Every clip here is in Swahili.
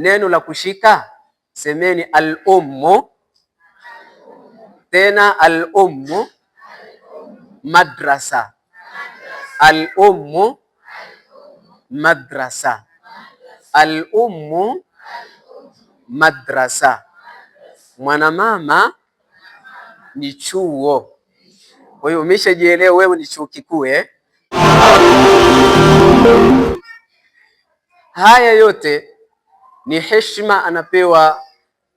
Neno la kushika semeni al-ummu, tena al-ummu madrasa, al-ummu madrasa, al-ummu madrasa. Mwanamama ni chuo. Kwa hiyo umeshajielewa wewe ni chuo kikuu eh? Haya yote ni heshima anapewa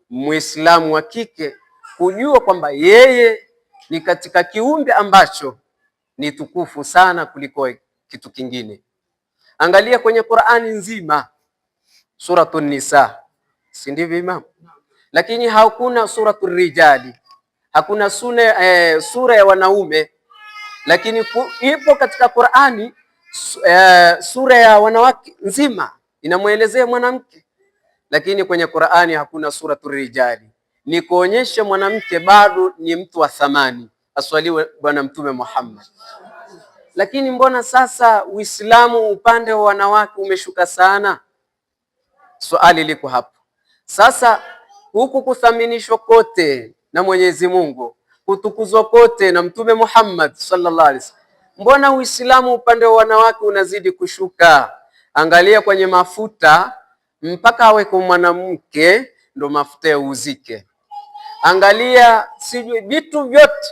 Muislamu wa kike kujua kwamba yeye ni katika kiumbe ambacho ni tukufu sana kuliko kitu kingine. Angalia kwenye Qur'ani nzima, Suratun Nisa, si ndivyo Imam? Lakini hakuna Suratul Rijali, hakuna sura, eh, sura ya wanaume, lakini ipo katika Qur'ani eh, sura ya wanawake nzima inamwelezea mwanamke lakini kwenye Qur'ani hakuna suratu rijali, ni kuonyesha mwanamke bado ni mtu wa thamani, aswaliwe Bwana Mtume Muhammad. Lakini mbona sasa Uislamu upande wa wanawake umeshuka sana? Swali liko hapo sasa. Huku kuthaminishwa kote na Mwenyezi Mungu, kutukuzwa kote na Mtume Muhammad sallallahu alaihi wasallam, mbona Uislamu upande wa wanawake unazidi kushuka? Angalia kwenye mafuta mpaka awe kwa mwanamke ndo mafuta yauzike. Angalia, sijui vitu vyote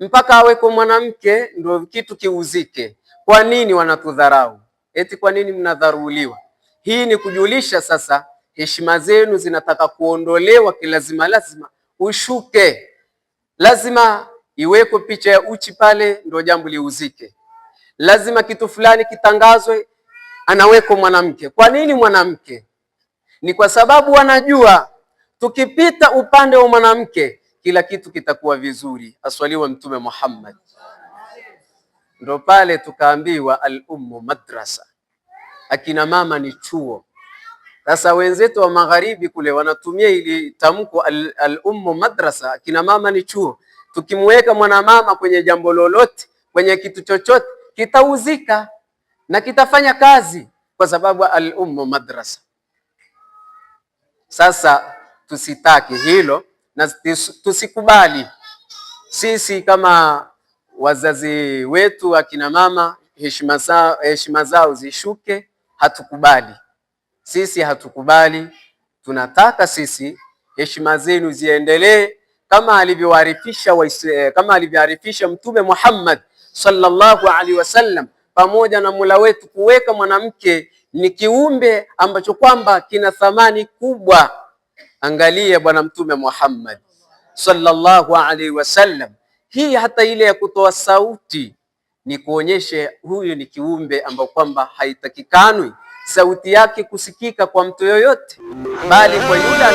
mpaka awe kwa mwanamke ndo kitu kiuzike. Kwa nini wanatudharau? Eti kwa nini mnadharuliwa? Hii ni kujulisha sasa heshima zenu zinataka kuondolewa kilazima, lazima ushuke, lazima iweko picha ya uchi pale ndo jambo liuzike, lazima kitu fulani kitangazwe anaweko mwanamke. Kwa nini mwanamke? Ni kwa sababu wanajua tukipita upande wa mwanamke kila kitu kitakuwa vizuri. Aswaliwa Mtume Muhammad, ndo pale tukaambiwa al-ummu madrasa, akina mama ni chuo. Sasa wenzetu wa magharibi kule wanatumia ili tamko al-ummu madrasa, akina mama ni chuo. Tukimweka mwanamama kwenye jambo lolote, kwenye kitu chochote kitauzika na kitafanya kazi, kwa sababu al ummu madrasa. Sasa tusitaki hilo na tusikubali sisi kama wazazi wetu akina mama, heshima zao, heshima zao zishuke. Hatukubali sisi, hatukubali. Tunataka sisi heshima zenu ziendelee kama alivyoarifisha, eh, kama alivyoarifisha Mtume Muhammad sallallahu alaihi wasallam pamoja na Mola wetu kuweka mwanamke ni kiumbe ambacho kwamba kina thamani kubwa. Angalia Bwana Mtume Muhammad sallallahu alaihi wasallam, hii hata ile ya kutoa sauti ni kuonyeshe huyu ni kiumbe ambao kwamba haitakikanwi sauti yake kusikika kwa mtu yoyote, bali kwa yule